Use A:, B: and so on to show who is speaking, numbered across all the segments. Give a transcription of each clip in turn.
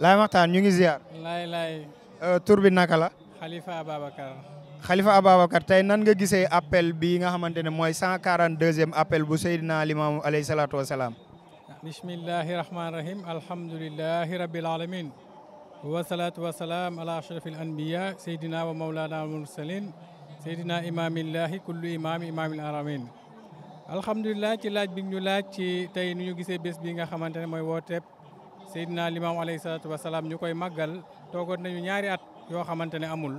A: laay waxtaan ñu ngi ziar. laay laay. Euh, tur bi naka la.
B: Khalifa Ababacar.
A: Khalifa Ababacar tey nan nga gise appel bi nga xamante ne mooy 142e appel bu Seydina Limaamu alayhi salaatu wa salaam.
B: bismillahi rahmaani rahiim alhamdulillahi rabbil alamin wasalaatu wasalaam ala ashrafil anbiya Seydina wa Mawlana mursalin Seydina imaamillahi kullu imaami imaamil aramin alhamdulilah ci laaj bi ñu laaj ci tey nu ñu gisee bés bi nga xamante ne mooy wooteeb Seydina Limaam alayhi salaatu wasalaam ñu koy màggal toogoon nañu ñaari at yoo xamante ne amul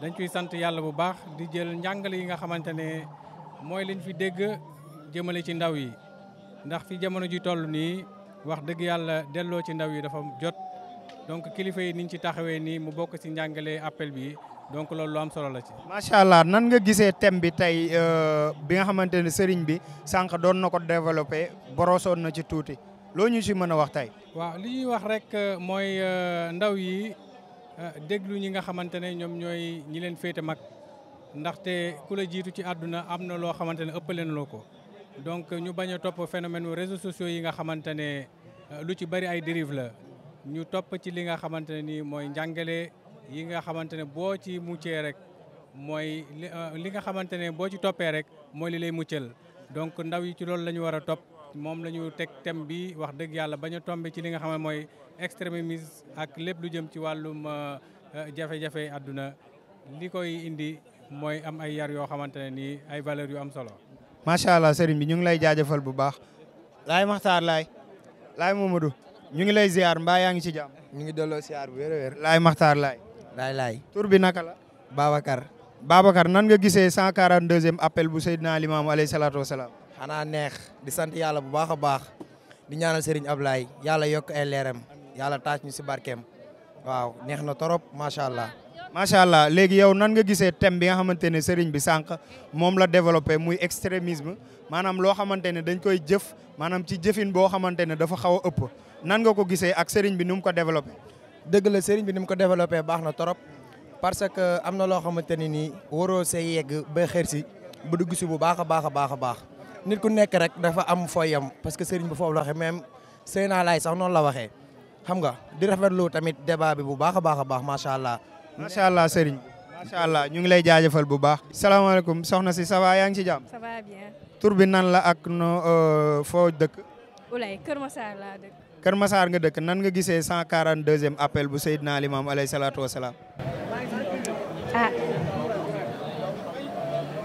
B: dañ ciy sant yàlla bu baax di jël njàngale yi nga xamante ne mooy liñ fi dégg jëmale ci ndaw yi ndax fi jamono ji toll nii wax dëgg yàlla delloo ci ndaw yi dafa jot donc kilifa yi niñ ci taxawee nii mu bokk ci njàngale appel bi donc loolu lu am solo la ci. macha
A: allah nan nga gisee thème bi tey euh, bi nga xamante ne sëriñ bi sànq doon na ko développé borosoon na ci tuuti loo ñu si mën a wax tey.
B: waaw li ñuy wax rek euh, mooy euh, ndaw yi euh, déglu ñi nga xamante ne ñoom ñooy ñi leen féete mag ndaxte ku la jiitu ci àdduna am na loo xamante ne ëppale na loo ko donc ñu bañ a topp phénomène réseaux sociaux yi nga xamante ne lu ci bari ay dérive la ñu topp ci li nga xamante ne nii mooy njàngale yi nga xamante ne boo ci muccee rek mooy li nga xamante ne boo ci toppee rek mooy li lay muccal donc ndaw yi ci loolu la ñu war a topp moom la ñu teg thème bi wax dëgg yàlla bañ a tombé ci li nga xam ne mooy extrémisme ak lépp lu jëm ci wàllum euh, euh, jafe-jafe àdduna li koy indi mooy am ay yar yoo xamante ne nii ay valeur yu am solo.
A: macha allah sëriñ bi ñu ngi lay jaajëfal bu baax. laay maxtaar laay. laay Momadou. ñu ngi lay ziar mbaa yaa ngi ci jàmm. ñu ngi delloo ziar bu wér a wér. laay maxtaar laay. laay laay tur bi naka la. Babacar. Babacar nan nga gisee 142e appel bu Seydina Limaamu alayhi salaatu wa salaam. xanaa neex di sant yàlla bu baax a baax di ñaanal Serigne ablaay yàlla yokk ay leeram yàlla taaj ñu si barkeem waaw neex na torop macha allah. macha allah léegi yow nan nga gisee thème bi nga xamante ne Serigne bi sànq moom la développé muy extrémisme maanaam loo xamante ne dañ koy jëf maanaam ci jëfin boo xamante ne dafa xaw a ëpp nan nga ko gisee ak Serigne bi ni mu ko développé. dëgg la Serigne bi ni ko développé baax na torop parce que am na loo xamante ne nii waroo see yegg ba si bu dugg si bu baax a baax a baax a baax. nit ku nekk rek dafa am fooyam parce que sëriñ bi foofu la waxee même Seyna Laay sax noonu la waxee xam nga di rafetlu tamit débat bi bu baax a baax a baax macha allah. macha allah sëriñ macha allah ñu ngi lay jaajëfal bu baax. salaamaaleykum soxna si ça va yaa ngi ci jàmm. ça nan la ak no euh, foo dëkk.
B: Oulaye Kër Massar
A: laa nga dëkk nan nga gisee 142 deuxième appel bu Seydina Limam alayhi salaatu wa salaam.
C: Ah,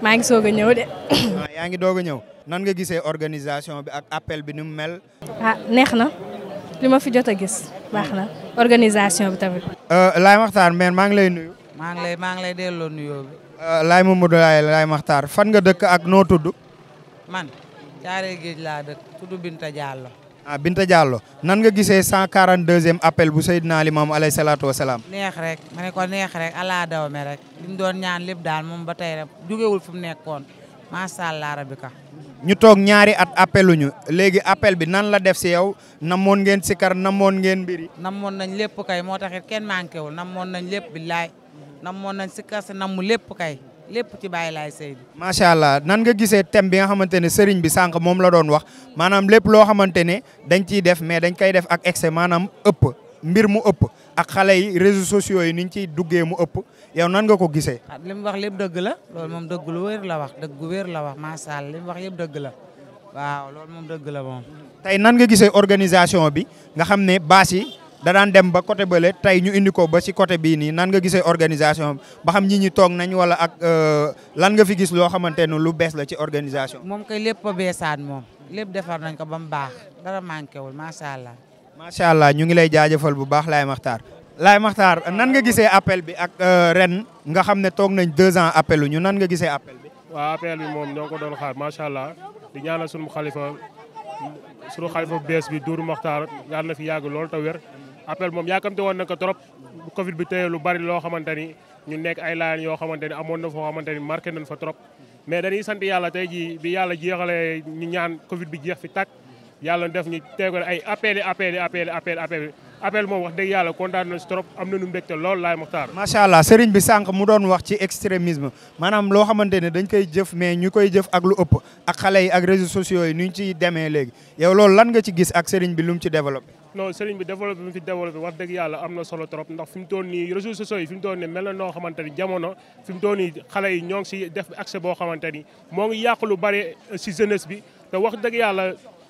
C: maa ngi soog a ñëw de. Ah,
A: yaa ngi doog a ñëw nan nga gisee organisation bi ak appel bi ni mu mel.
C: ah neex na li ma fi jot a gis baax na organisation bi tamit.
A: Euh, Laye Makhtar meen maa ngi lay nuyu.
D: maa ngi lay maa ngi lay delloo nuyoo bi.
A: Euh, Laye Mamadou Laye Laye Makhtar fan nga dëkk ak noo tudd.
D: man Thiaré Géej laa dëkk tudd Binta Diallo.
A: ah Binta Diallo nan nga gisee cent 142e appel bu Seydina Limaamu alayhi salaatu wa salaam.
D: neex rek ma neex rek ala dawme rek li doon ñaan lépp daal moom ba tey rek jugewul fu mu nekkoon macha allah rabika
A: ñu toog ñaari at appeluñu léegi appel bi nan la def si yow namoon ngeen sikar namoon ngeen mbiri.
D: namoon nañ lépp kay moo taxit kenn manqué wul namoon nañ lépp billaay namoon nañ sikar si namu lépp kay. lépp ci Baye Laye Seydou.
A: macha allah nan nga gisee thème bi nga xamante ne sëriñ bi sànq moom la doon wax maanaam lépp loo xamante ne dañ ciy def mais dañ koy def ak excès maanaam ëpp mbir mu ëpp ak xale yi réseaux sociaux yi niñ ciy duggee mu ëpp yow nan nga ko gisee.
D: ah li mu wax lépp dëgg la loolu moom dëgg lu wér la wax dëgg wér la wax macha allah li wax yëpp dëgg la waaw lool moom dëgg la moom.
A: tey nan nga organisation bi nga xam ne bâche da dem ba côté bële tey ñu indi ko ba si côté bii nii nan nga gisee organisation ba xam ñi ñi toog nañ wala ak euh, lan nga fi gis loo xamante ne lu bees la ci organisation. moom
D: kay lépp a beesaat moom lépp defar nañ ko ba mu baax dara manqué wul macha allah. macha
A: ñu ngi lay jaajëfal bu baax Laye Makhtar. Laye Makhtar nan nga gisee appel bi ak euh, ren nga xam ne toog nañ deux ans appelu ñu nan nga gisee appel bi.
E: waaw appel bi moom ñoo ko doon xaar macha allah di ñaanal sunu xalifa sunu xalifa bees bi Doudou Makhtar yàlla na fi yàgg lool te wér. appel moom yaakamte woon na ko trop Covid bi téye lu bari loo xamante ni ñu nekk ay laaj yoo xamante ni amoon na foo xamante ni marqué nañ fa trop. mais dañuy sant yàlla tey jii bi yàlla jeexalee ñu ñaan Covid bi jeex fi takk yàlla def ñu tegal ay appel apple appel appel appel appel moom wax dëgg yàlla kontaan na si trop am nañu mbégte lool laay Moxtaar. macha allah sëriñ bi
A: sànq mu doon wax ci extrémisme maanaam loo xamante ne dañ koy jëf mais ñu koy jëf ak lu ëpp ak xale yi ak réseaux sociaux yi nu ñu ciy demee léegi yow loolu lan nga ci gis ak sëriñ bi lu mu ci développé.
E: non sëriñ bi développé bi mu fi développé wax dëgg yàlla am na solo trop ndax fi mu toll nii réseaux sociaux yi fi mu nii mel noo xamante ni jamono fi mu toll nii xale yi ñoo ngi si def accès boo xamante ni moo ngi yàq lu bare si jeunesse bi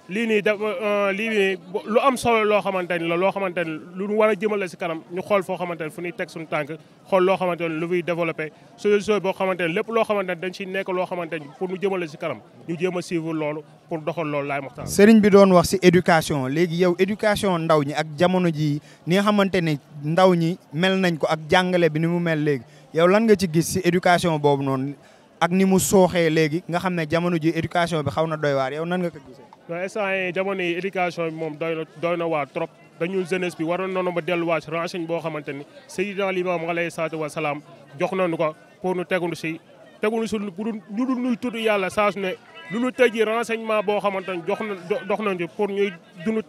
E: lii nii da euh, euh, lii lu am solo loo xamante ni la loo xamante ni lu war a jëmale si kanam ñu xool foo xamante ni fu ñuy teg suñu tànk xool loo xamante ni lu fiy développé solution boo xamante ni lépp loo xamante ni dañ si nekk loo xamante ni pour ñu jëmale si kanam ñu jéem a suivre loolu pour doxal loolu laay waxtaan. sëriñ
A: bi doon wax si éducation léegi yow éducation ndaw ñi ak jamono jii ni nga xamante ni ndaw ñi mel nañ ko ak jàngale bi ni mu mel léegi yow lan nga ci gis si éducation boobu noonu. ak ni mu sooxee léegi nga xam ne jamono ji éducation bi xaw na doy waar yow nan nga ko
E: gisee. non instant yii na doy na waar trop dañu jeunesse bi waroon nañu ba delluwaat si renseigné boo xamante ni Seydina Limaamu alayhi salaatu wa salaam jox nañu ko pour nu teguñu si teguñu si lu dul lu dul nuy tudd yàlla saa ne lu ñu tëj renseignement boo xamante ni jox nañu dox nañu pour ñuy dund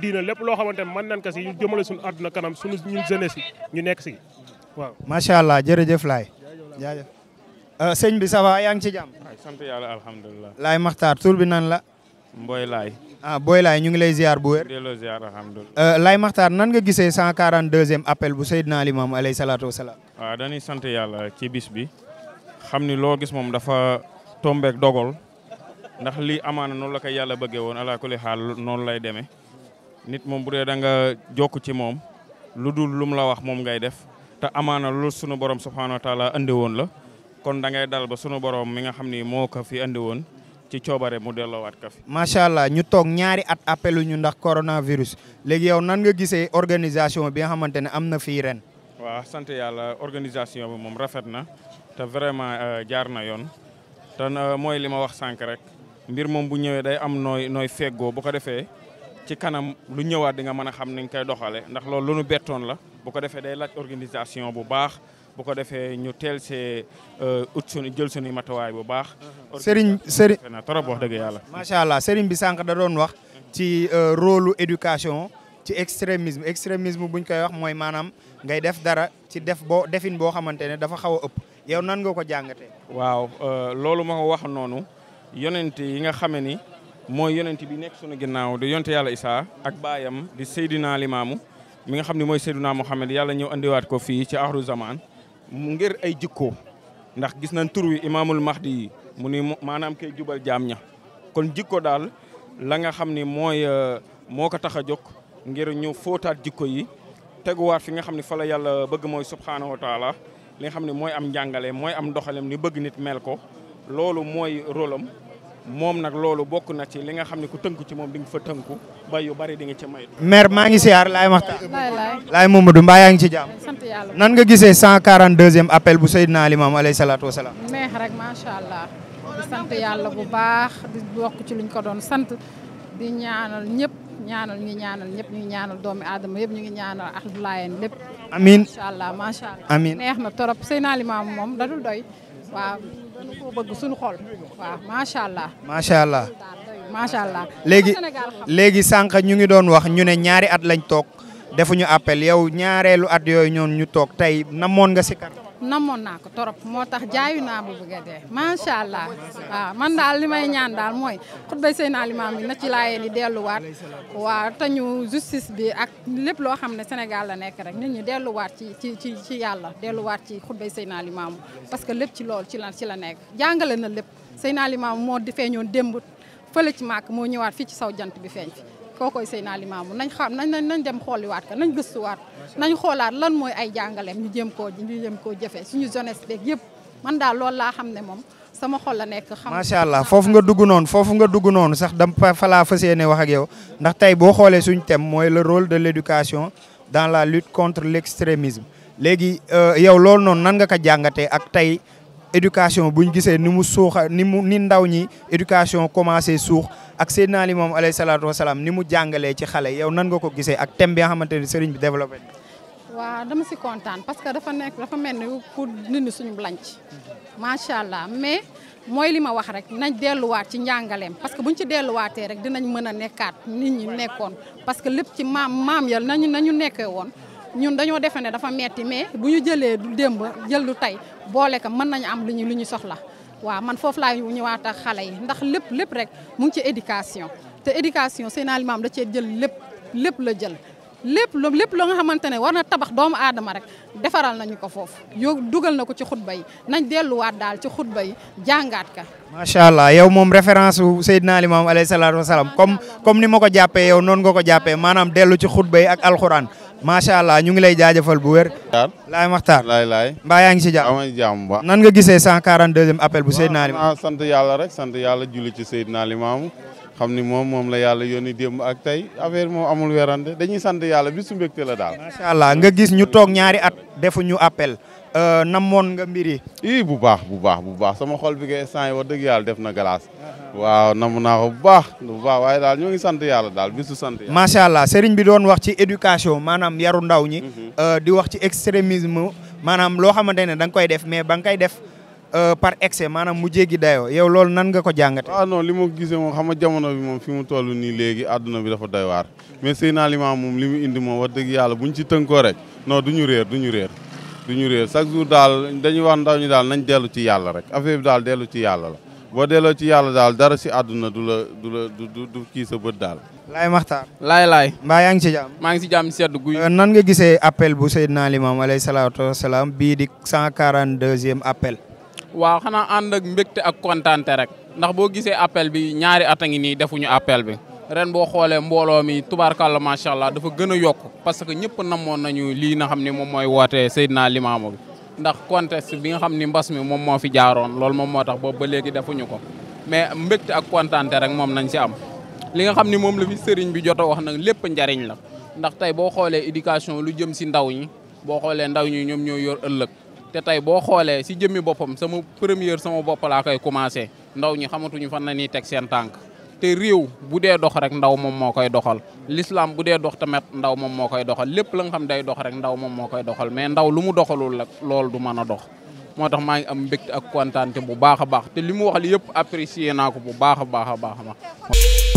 E: diina lépp loo xamante ni mën nañ ko si ñu jëmale suñu àdduna kanam suñu ñun jeunesse yi ñu nekk si waaw.
A: macha allah jërëjëf Laye Euh, sëñ bi ça va yaa ci jàmm.
E: sant yàlla alhamdulilah. lay
A: Maxtaar tur bi nan la. mbooy Laay. ah Boy ñu ngi lay ziar bu wér. delloo ziar alhamdulilah. Euh, Laay Maxtaar nan nga gisee 142e appel bu Seydina Limaamu aley salaatu wa salaam.
F: waaw dañuy sant yàlla ci bis bi xam ni loo gis moom dafa tombeek dogal ndax lii amaana noonu la ko yàlla bëggee woon ala kulli xaal noonu lay demee nit moom bu dee da nga jokk ci moom lu dul lu la wax moom ngay def te amaana loolu sunu borom subhaanahu wa woon la. kon da ngay dal ba sunu boroom mi nga xam ni moo ko fi andi woon ci coobare mu delloowaat ka fi.
A: macha allah ñu toog ñaari at appelu ñu ndax coronavirus léegi yow nan nga gisee organisation bi nga xamante ne am na fii ren.
F: waaw sant yàlla organisation bi moom rafet na te vraiment euh, jaar na yoon te euh, mooy li ma wax sànq rek mbir moom bu ñëwee day am nooy nooy feggoo bu ko defee ci kanam lu ñëwaat di nga mën a xam ni ñu koy doxalee ndax loolu lu nu bettoon la bu ko defee day laaj organisation bu baax. bu ko defee ñu teel see euh, ut suñu jël suñu matuwaay bu baax. Serigne Serigne trop wax dëgg
A: macha allah Serigne bi sànq da doon wax. ci euh, rôle éducation. ci extrémisme extrémisme buñ koy wax mooy maanaam ngay def dara ci def boo defin boo xamante ne dafa xaw a ëpp yow nan nga ko jàngatee.
F: waaw euh, loolu ma wax noonu yonent yi nga xame ni mooy yonent bi nekk sunu ginnaaw di yonte yàlla Isaa ak baayam di Seydina Limaamu mi nga xam ne mooy Seydina Muhammad yàlla ñëw andiwaat ko fii ci axru zaman mu ngir ay jikko ndax gis nañ tur wi imaamul mahdi mu ni maanaam kay jubal jaam ña kon jikko daal la nga xam ni mooy euh, moo ko tax a jóg ngir ñu fóotaat jikko yi teguwaat fi nga xam ne fa la yàlla bëgg mooy subhaanahu wa li nga xam ne mooy am njàngale mooy am doxalem ni bëgg nit mel ko loolu mooy rôle am moom nag loolu bokk na ci li nga xam ne ku tënku ci moom di nga fa tënku bay yu bari di nga ci may. maire maa ngi siyaar laay waxtaan.
A: laay laay Mamadou Mbaa yaa ngi ci jàmm. yàlla nan nga gisee 142e appel bu Seydina Limaamu alayhi salaatu wa salaam.
C: rek macha allah di sant yàlla bu baax di bokk ci luñ ko doon sant di ñaanal ñëpp ñaanal ñu ñaanal ñëpp ñu ñaanal doomi aadama yëpp ñu ngi ñaanal ak amiin allah macha amiin neex na trop Seydina Limaamu moom da dul doy waaw dañu ko waaw macha allah.
A: macha allah
C: macha allah. léegi
A: léegi sànq ñu ngi doon wax ñu ne ñaari at lañ toog. defuñu appel yow ñaareelu at yooyu ñoon ñu toog tey namoon nga si sikar
C: namoon naa ko torop moo tax jaayu naa bu bëgg a dee macha allah waaw man daal li may ñaan daal mooy xutbay naa alimaam bi na ci la laayeen yi delluwaat waa te ñu justice bi ak lépp loo xam ne Sénégal la nekk rek nit ñu delluwaat ci ci ci ci yàlla delluwaat ci naa seen alimaam parce que lépp ci loolu ci la ci la nekk jàngale na lépp sëy seen alimaam moo di feeñoon démb fële ci màkk moo ñëwaat fii ci saw jant bi feeñ kookoy Seydina Limaamu nañ xam nañ nañ dem xooliwaat ko nañ gëstuwaat nañ xoolaat lan mooy ay jàngaleem ñu jëm koo ñu jëm koo jëfee suñu jeunesse beeg yëpp man daal loolu laa xam ne moom sama xol la nekk xam macha
A: allah foofu nga dugg noonu foofu nga dugg noonu sax dam fa laa fas yéene wax ak yow ndax tey boo xoolee suñu tem mooy le rôle de l'éducation dans la lutte contre l'extrémisme léegi euh, yow loolu noonu nan nga ko jàngatee ak tey éducation bu ñu gisee ni mu suuxa ni mu ni ndaw ñi éducation commencé suux ak Seydina moom alayhi salaatu wa salaam ni mu jàngalee ci xale yow nan nga ko gisee ak thème bi nga xamante bi développé.
C: waaw dama si kontaan parce que dafa nekk dafa mel ni pour dindi suñu blanc. macha allah mais mooy li ma wax rek nañ delluwaat ci njàngaleem parce que bu buñ ci delluwaatee rek dinañ mën a nekkaat nit ñi nekkoon parce que lépp ci maam maam ya na ñu nekkee woon. ñun dañoo defe ne dafa metti mais bu ñu jëlee du démb jël du tey boole ko mën nañu am lu ñu lu ñu soxla waaw man foofu laa ñëwaat ak xale yi ndax lépp lépp rek mu ngi ci éducation te éducation seen alimaam da cee jël lépp lépp la jël. lépp lu lépp loo nga ne war na tabax doomu aadama rek defaral nañu ko foofu yow dugal na ko ci xutba yi nañ delluwaat daal ci xutba yi jàngaat ka
A: macha allah yow moom référence su Seydina Limaamu alayhi salaatu wasalaam comme comme ni ma ko jàppee yow noonu nga ko jàppee maanaam dellu ci xutba yi ak alxuraan. macha allah ñu ngi lay jaajëfal bu wér. laay Maxtaar laay laay. mbaa yaa ngi si jàmm
G: amay jàmm ba. nan
A: nga gisee 142e appel bu Seydina Limaamu.
G: sant yàlla rek sant yàlla julli ci Seydina Limaamu xam ni moom moom la yàlla yónni démb ak tey affaire moom amul werante dañuy sant yàlla bi su mbégte la daal. macha
A: allah nga gis ñu toog ñaari at defuñu ñu appel Euh, namoon nga mbir yi.
G: ii bu baax bu baax bu baax sama xol bi kay sant yi wax dëgg yàlla def na glace. waaw namu naa bu baax bu baax waaye daal ñoo ngi sant yàlla daal bisu sant macha allah
A: sëriñ bi doon wax ci éducation maanaam yaru ndaw ñi. Mhm. Euh, di wax ci extrémisme maanaam loo xamante ne da nga koy def mais ba nga koy def. Euh, par excès maanaam mu jéggi dayoo yow loolu nan nga ko jàngatee. waaw ah non li ma ko gisee moom xam nga
G: jamono bi moom fi mu toll nii léegi àdduna bi dafa doy waar mais Seydina Limamou moom li mu indi moom wax dëgg yàlla buñ ci tënkoo rek non du ñu réer du ñu réer du ñu réer chaque jour daal dañuy wax ndaw ñi daal nañ dellu ci yàlla rek affaire bi daal dellu ci yàlla la boo delloo ci yàlla daal dara si àdduna du la du la du du kii sa bët daal.
A: Laay Maxtaar. laay laay. mbaa yaa ngi ci jàmm. maa ngi ci jàmm sedd guy. Euh, nan nga gisee appel bu Seydina Limam alayhi salaatu wasalaam bii di 142e appel.
G: waaw xanaa ànd ak mbégte ak kontaante rek ndax boo gisee appel bi ñaari at a ngi nii defuñu appel bi. ren boo xoolee mbooloo mi tubaarkàlla macha allah dafa gën a yokk parce que ñëpp namoon nañu lii nga xam ne moom mooy woote Seydina Limaamu bi ndax contexte bi nga xam ni mbas mi moom moo fi jaaroon loolu moom moo tax boobu ba léegi defuñu ko mais mbégte ak kontaante rek moom nañ si am li nga xam ni moom la fi sëriñ bi jot wax nag lépp njariñ la ndax tey boo xoolee éducation lu jëm si ndaw ñi boo xoolee ndaw ñi ñoom ñoo yor ëllëg te tey boo xoolee si jëmmi boppam sama première sama bopp koy commencé ndaw ñi xamatuñu fan la ñuy teg seen tànk te réew bu dee dox rek ndaw moom moo koy doxal l'islam bu dee dox tamit ndaw moom moo koy doxal lépp la nga xam day dox rek ndaw moom moo koy doxal mais ndaw lu mu doxalul rek loolu du mën a dox. moo tax maa ngi am mbégte ak kontaante bu baax a baax te li mu wax li yëpp apprécier naa ko bu baax a baax a baax a